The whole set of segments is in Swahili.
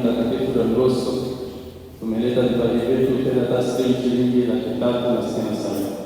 Mtakatifu Dondoo Soki tumeleta vipaji vyetu tena taslimu shilingi laki tatu na sitini na saba.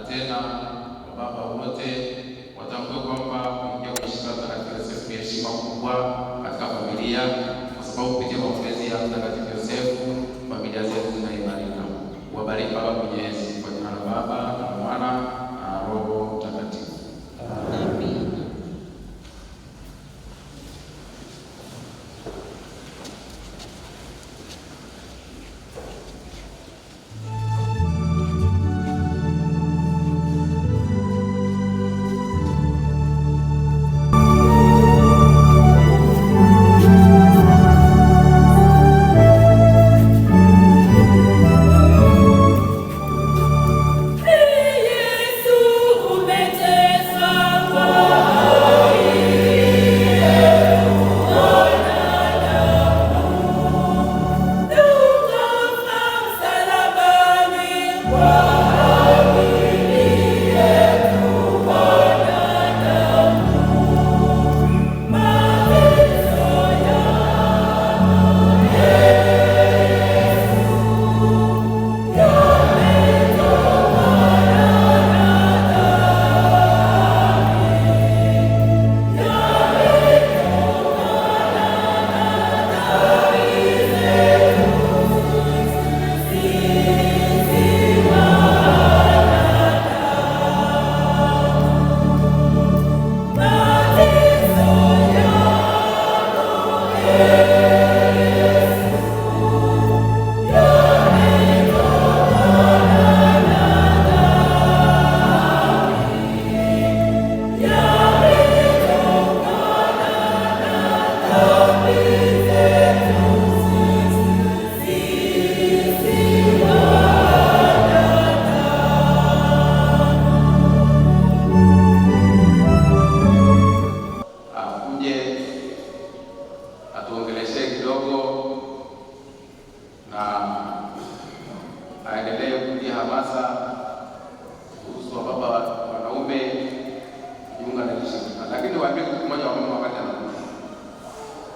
na tena baba wote watambue kwamba kuingia kwenye shirika takatifu Yosefu ni heshima kubwa katika familia, kwa sababu kupitia maombezi ya mtakatifu Yosefu familia zetu zinaimarika. Wabariki Baba Mwenyezi kwa jina la Baba na Mwana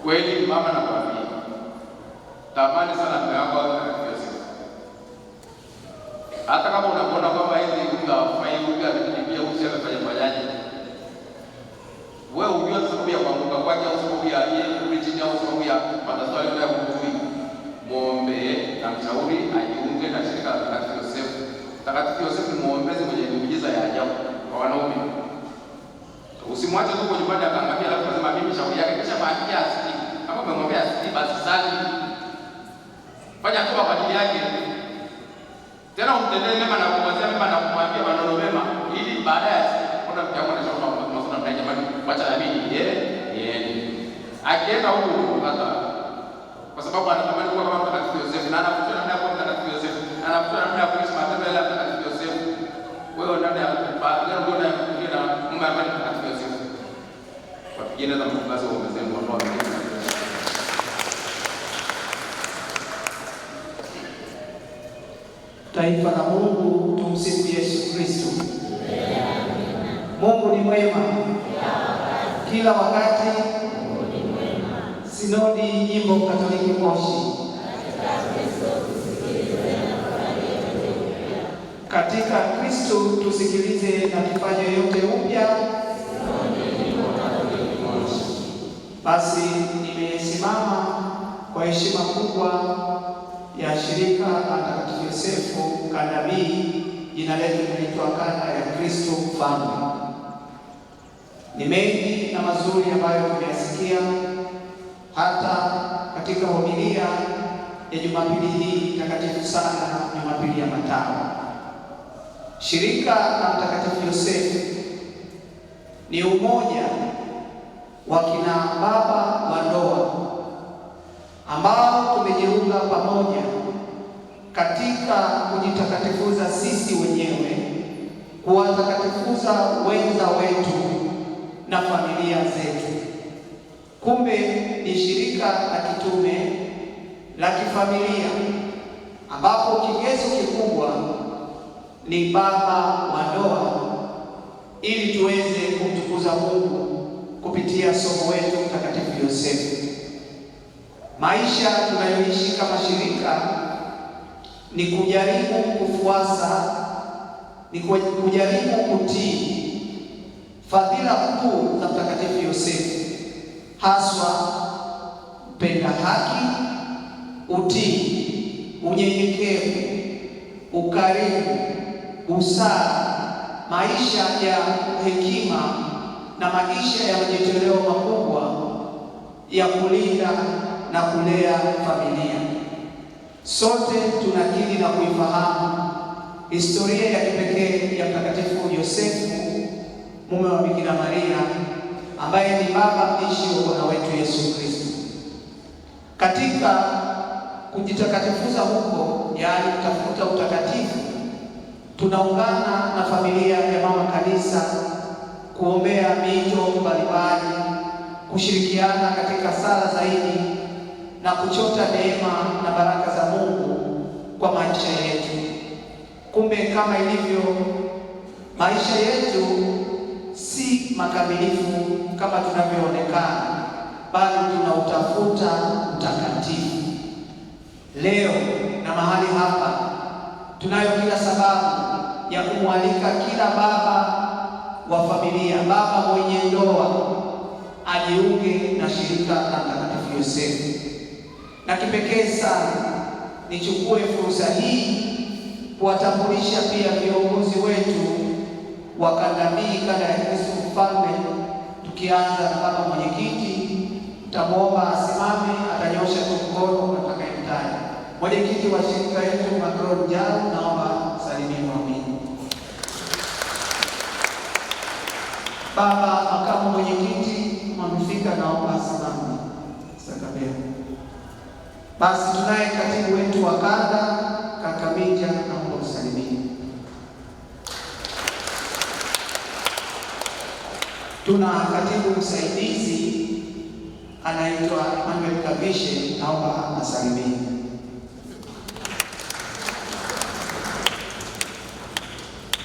Kweli mama na kwambia, tamani sana mmeango katika siku, hata kama unakuona kwamba hizi uga hafai uga vikikimbia usi amefanya fanyaje, wewe ujua sababu ya kuanguka kwake au sababu ya yeye kule chini au sababu ya matatizo aliyonayo kumjui, muombe na mshauri ajiunge na shirika la Mtakatifu Yosefu. Mtakatifu Yosefu ni muombezi mwenye miujiza ya ajabu kwa wanaume. Usimwache tu kwenye baada ya kangamia, lazima mimi shauri yake kisha maandikia umemwambia basi sali, fanya toba kwa ajili yake, tena umtendee mema na kumwazia mema na kumwambia maneno mema, ili kuna mtu anashauri kwa jamani, wacha na mimi ye akienda huko hata kwa sababu anatamani kuwa kama mtakatifu Yosefu na anakuta taifa la Mungu. Tumsifu Yesu Kristo. Mungu ni mwema kila wakati. Sinodi Jimbo Katoliki Moshi, katika Kristo tusikilize na tufanye yote upya. Basi nimesimama kwa heshima kubwa ya shirika atakatifu Yosefu kanabii, jina letu linaitwa Kanda ya Kristo Mfalme. Ni mengi na mazuri ambayo tumeyasikia hata katika homilia ya Jumapili hii takatifu sana, Jumapili ya Matawi. Shirika la Mtakatifu Yosefu ni umoja wa kina baba wa ndoa ambao tumejiunga pamoja katika kujitakatifuza sisi wenyewe, kuwatakatifuza wenza wetu na familia zetu. Kumbe ni shirika la kitume la kifamilia ambapo kigezo kikubwa ni baba wa ndoa, ili tuweze kumtukuza Mungu kupitia somo wetu mtakatifu Yosefu. Maisha tunayoishi kama shirika ni kujaribu kufuasa, ni kujaribu kutii fadhila kuu za Mtakatifu Yosefu, haswa upenda haki, utii, unyenyekevu, ukarimu, busara, maisha ya hekima na maisha ya majitoleo makubwa ya kulinda na kulea familia. Sote tunakiri na kuifahamu historia ya kipekee ya Mtakatifu Yosefu mume wa Bikira Maria ambaye ni baba ishi wa Bwana wetu Yesu Kristo. Katika kujitakatifuza huko, yaani kutafuta utakatifu, tunaungana na familia ya mama kanisa kuombea mito mbalimbali, kushirikiana katika sala zaidi na kuchota neema na baraka za Mungu kwa maisha yetu. Kumbe kama ilivyo maisha yetu si makamilifu kama tunavyoonekana, bali tunautafuta utakatifu. Leo na mahali hapa tunayo kila sababu ya kumwalika kila baba wa familia, baba mwenye ndoa ajiunge na shirika la Mtakatifu Yosefu na kipekee sana nichukue fursa hii kuwatambulisha pia viongozi wetu wa kandamii kanda ya Kristo Mfalme, tukianza na baba mwenyekiti. tamuomba asimame, atanyosha tu mkono atakayemtaja. Mwenyekiti wa shirika yetu Macron Jalo, naomba salimia mwamini Baba makamu mwenyekiti Mwamfika, naomba asimame sakabeu basi tunaye katibu wetu wa kanda Kakamija, naomba msalimie. Tuna katibu msaidizi anaitwa Emmanuel Kavishe, naomba asalimie.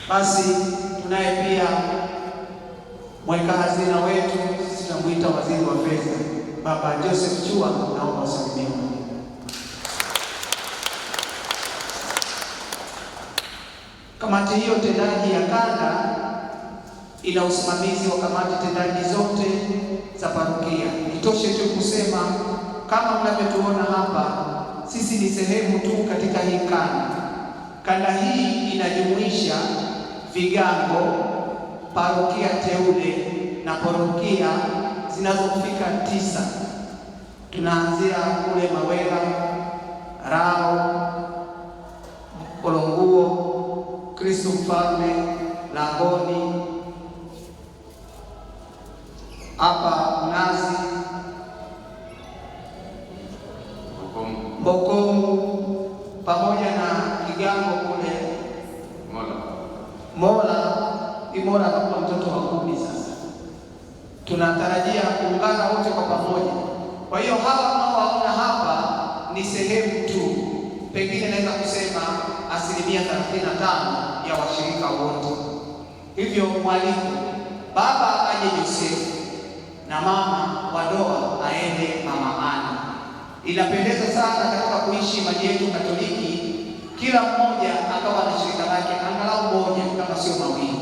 Basi tunaye pia mweka hazina wetu, tunamwita waziri wa fedha Baba Joseph Chua, naomba asalimiwe. Kamati hiyo tendaji ya kanda ina usimamizi wa kamati tendaji zote za parokia. Itoshe tu kusema kama mnavyotuona hapa, sisi ni sehemu tu katika hii kanda. Kanda hii inajumuisha vigango, parokia teule na parokia zinazofika tisa. Tunaanzia kule Mawela, Rao, Olonguo Kristo mfalme langoni, hapa mnazi Bokomu pamoja na kigango kule Mola. Mola ni Mola anakuwa mtoto wa kumi sasa, tunatarajia kuungana wote kwa pamoja. Kwa hiyo hawa mnaowaona hapa ni sehemu tu pengine naweza kusema asilimia 35 ya washirika wote. Hivyo mwalimu, baba aje Yosefu na mama wa ndoa aende mama Ana. Inapendeza sana katika kuishi maji yetu Katoliki, kila mmoja akawa na shirika lake angalau moja kama sio mawili,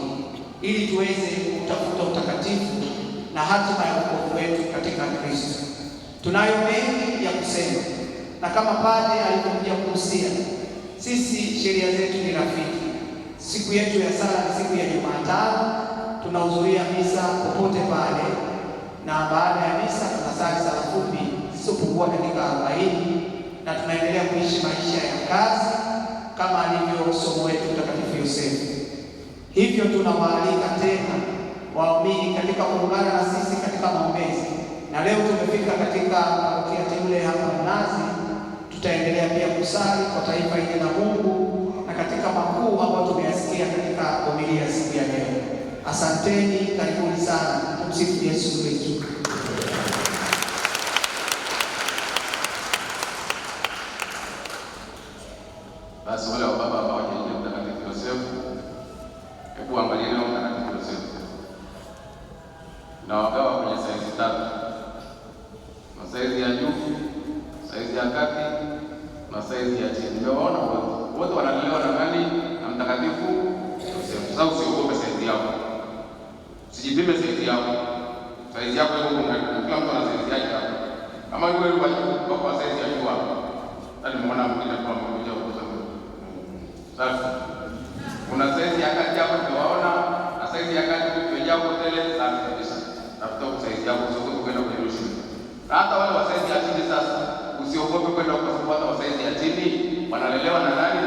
ili tuweze kutafuta utakatifu na hatima ya wokovu wetu katika Kristo. Tunayo mengi ya kusema na kama pale alivyokuja kuhusia, sisi sheria zetu ni rafiki. Siku yetu ya sala ni siku ya Jumatano, tunahudhuria misa popote pale, na baada ya misa tunasali sala fupi zisizopungua dakika arobaini na tunaendelea kuishi maisha ya kazi kama alivyo somo wetu Mtakatifu Yosefu. Hivyo tunawaalika tena waumini katika kuungana na sisi katika maombezi, na leo tumefika katika parokia teule hapa Mnazi tutaendelea pia kusali kwa taifa hili la Mungu na katika makuu ambayo tumeyasikia katika homilia siku ya leo. Asanteni, karibuni sana. Tumsifu Yesu Kristo. Sijipime saizi yako. Saizi yako iko kuna kila mtu ana saizi yake hapo. Kama wewe wewe kwa kwa saizi yako hapo. Na nimeona mwingine kwa mmoja huko sana. Sasa kuna saizi yako hapo tunaona na saizi yako tumeja huko tele sana kabisa. Tafuta saizi yako sio kwenda kwenye rushi. Na hata wale wa saizi ya chini sasa usiogope kwenda kwa sababu hata wa saizi ya chini wanalelewa na nani?